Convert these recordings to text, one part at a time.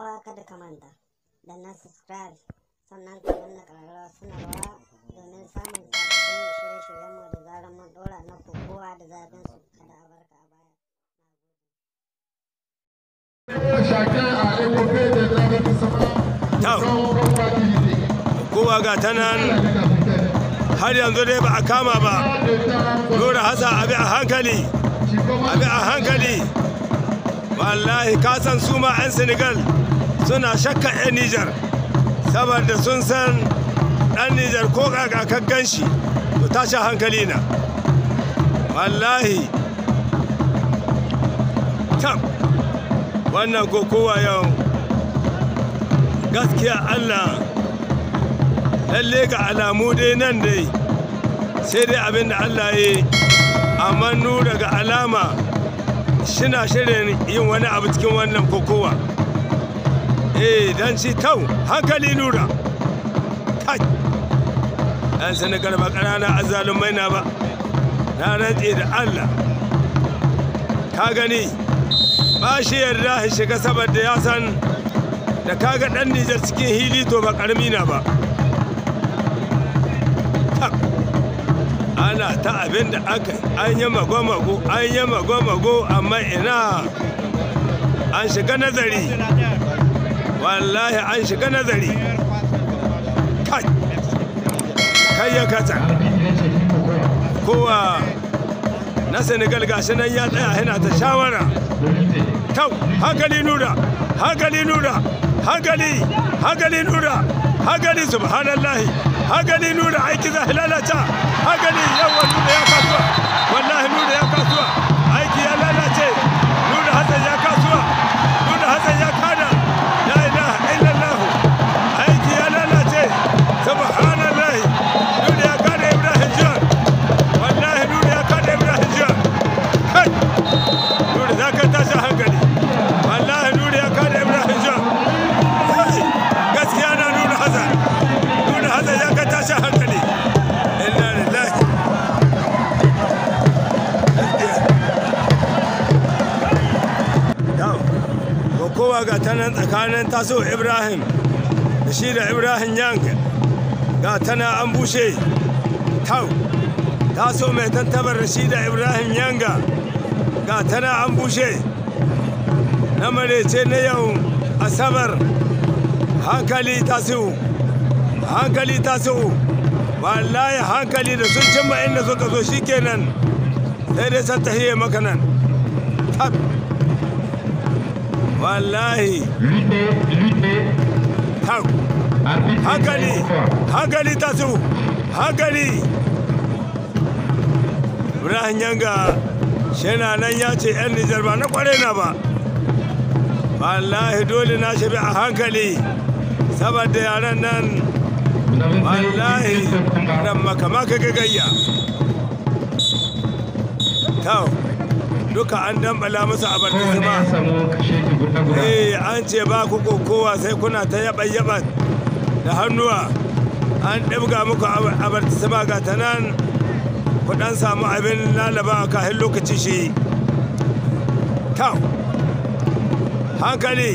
uwa kada ka manta da na subscribe sannan ka danna ƙararrawa sanarwa domin samun sabbin shirye-shiryenmu da zarar mun dora na kowa da zafin su kada a barka a baya. Kowa ga ta nan har yanzu dai ba a kama ba, Nura hasa abi a hankali, abi a hankali, wallahi kasan su ma 'yan Senegal. suna shakka 'yan nijar saboda sun san ɗan nijar ko kakakan ganshi to tashi hankali na wallahi tam wannan kokowa yau gaskiya allah lalle ga alamu dai nan dai sai dai abin da allah ya yi amma nura ga alama shina shirin yin wani abu cikin wannan kokowa eh dan si tau hankali nura kai dan senegal ƙarana a azalumai na ba na rantse da allah ka gani ba shi yarda shi shiga saboda ya san da kaga ɗan nijar cikin hili to ba karmi na ba ana ta abin da aka an yi mago-mago an yi mago-mago amma ina an shiga nazari wallahi an shiga nazari kai kai ya katsa kowa na senegal gashi nan ya tsaya yana ta shawara kau hankali nuna hankali nuna hankali hankali nuna hankali subhanallahi hankali Nura! aiki za lalace hankali yawan Nura ya kasuwa wallahi Nura ya kasuwa ga ta nan tsakanin taso ibrahim da shi da ibrahim yang ga tana an bushe tau taso mai tantabar da shi da ibrahim yanga ga tana an bushe na marece na yau asabar hankali taso hankali taso wallahi hankali da sun cimma inda suka zo kenan sai dai san tahiyya maka nan wallahi hankali hankali tasu hankali ibrahim yanga shena nan ya ce 'yan nijar ba na kware na ba wallahi dole na shi a hankali saboda yaran nan wallahi ran makamaka gagayya kawo duka an dambala musu a ba eh an ce ba ku kokowa sai kuna ta yaba yaba da hannuwa an ɗabga muku a abartisama ga ta nan ku dan samu abin lalaba kafin lokaci shi kaw hankali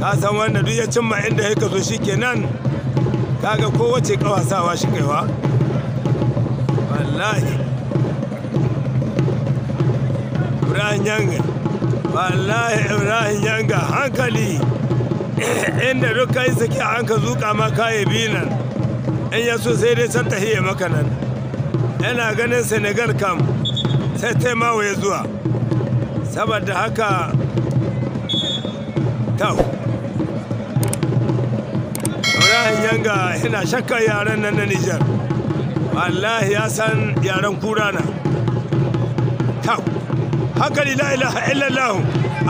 ka san wanda duk ya cimma inda ya zo shi kenan kaga kowace kawasawa shi kaiwa wallahi ibrahim yanga wallahi ibrahim yanga hankali inda duk kai saki an zuka ma kaye binan in ya so sai dai san tahiyya maka nan yana ganin senegal kam sai ma ya zuwa saboda haka tau ibrahim yanga yana shakka yaren nan na nijar wallahi ya san yaren na. hankali la ilaha illallah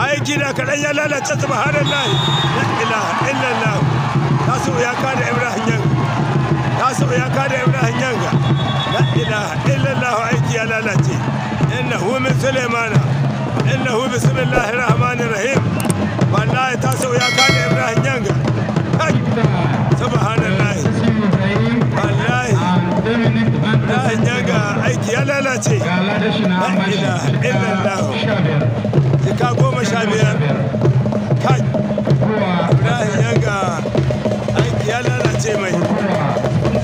aiki da kaɗan ya lalace subhanallah la ilaha illallah tasu ya kada ibrahim yanga tasu ya kada ibrahim yanga la ilaha illallah aiki ya lalace innahu min sulaimana innahu bismillahir rahmanir rahim wallahi tasu ya kada ibrahim yanga subhanallah kyauta ce la ila illallah jika goma sha biyar kai ibrahim yanga aiki ya lalace mai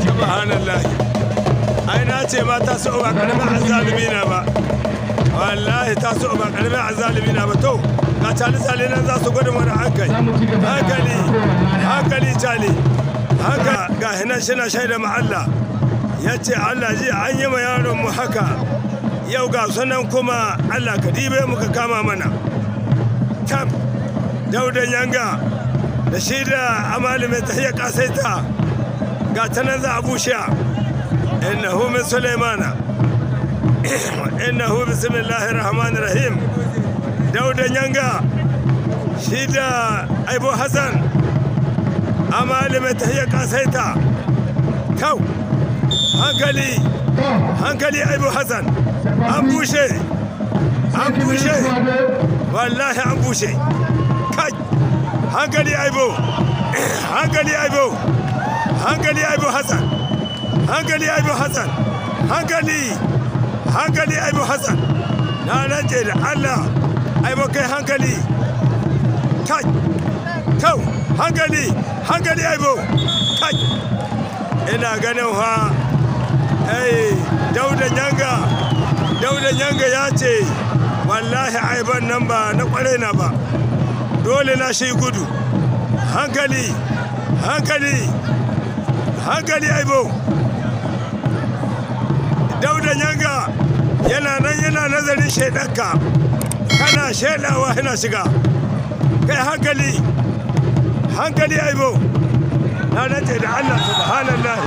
subhanallah ai na ce ma ta so ba karamin azalimi na ba wallahi ta so ba karamin azalimi na ba to ga cali cali nan za su gudun wani hankali hankali hankali cali haka ga hinan shi na shaida ma Allah ya ce allah ji an yi ma mu haka yau ga sunan kuma allah ka dibe muka kama mana tab daudan yanga da shi da amali mai tahiyar kasaita ga ta nan za a bushe innahu min sulaimana hu bismillahir rahmanir rahim daudan yanga shi da aibo hassan amali mai tahiyar kasaita kau hankali hankali abu hassan an bushe an bushe wallahi an bushe kai hankali abu hankali abu hankali abu hassan hankali abu hassan hankali hankali abu hassan na rance da allah abu kai hankali kai kau hankali hankali abu kai ina ganin ha dauda nyanga dauda nyanga ya ce wallahi aiban nan ba na kware na ba dole na shi gudu hankali hankali hankali aibo dauda nyanga yana nan yana nazarin shaidanka kana shaidawa yana shiga kai hankali hankali aibo na nace da allah subhanallah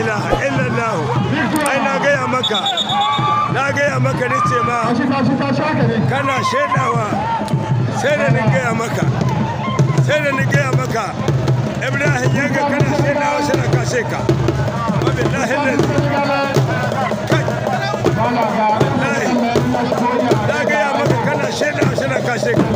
ilaha illallah ai na gaya maka na gaya maka ni ce ma kana shaidawa sai da ni gaya maka sai da ni gaya maka ibrahim ya ga kana shaidawa sai na kashe ka wabillahi na gaya maka kana shaidawa sai na kashe ka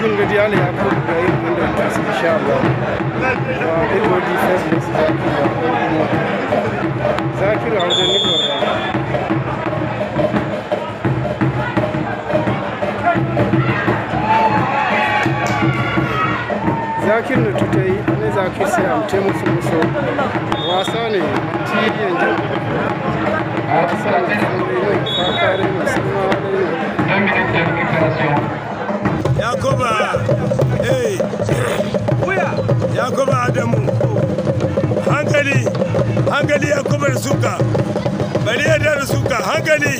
good radial Yakub Ibrahim under attack inshallah. Wow, good good defense this is Zakir Hamza'nın orada. Zakir ne tutai ne Zakir sai amte musu musu wasa ne tiyan jin wasa ne kuma ne fa kare musamman ne. yakuba eh yakuba adamu Hangali, Hangali yakuba suka bari ya da suka Hangali,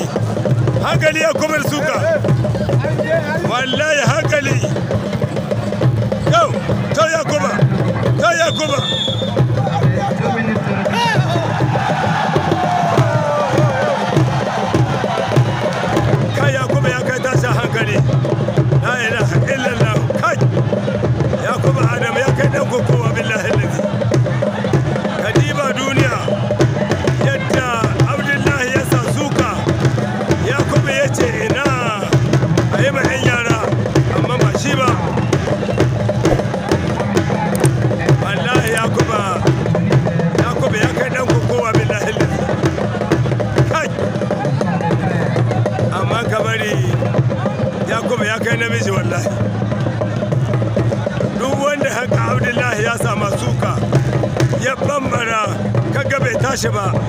Hangali yakuba suka wallahi Hangali, yau to yakuba to yakuba kai Спасибо.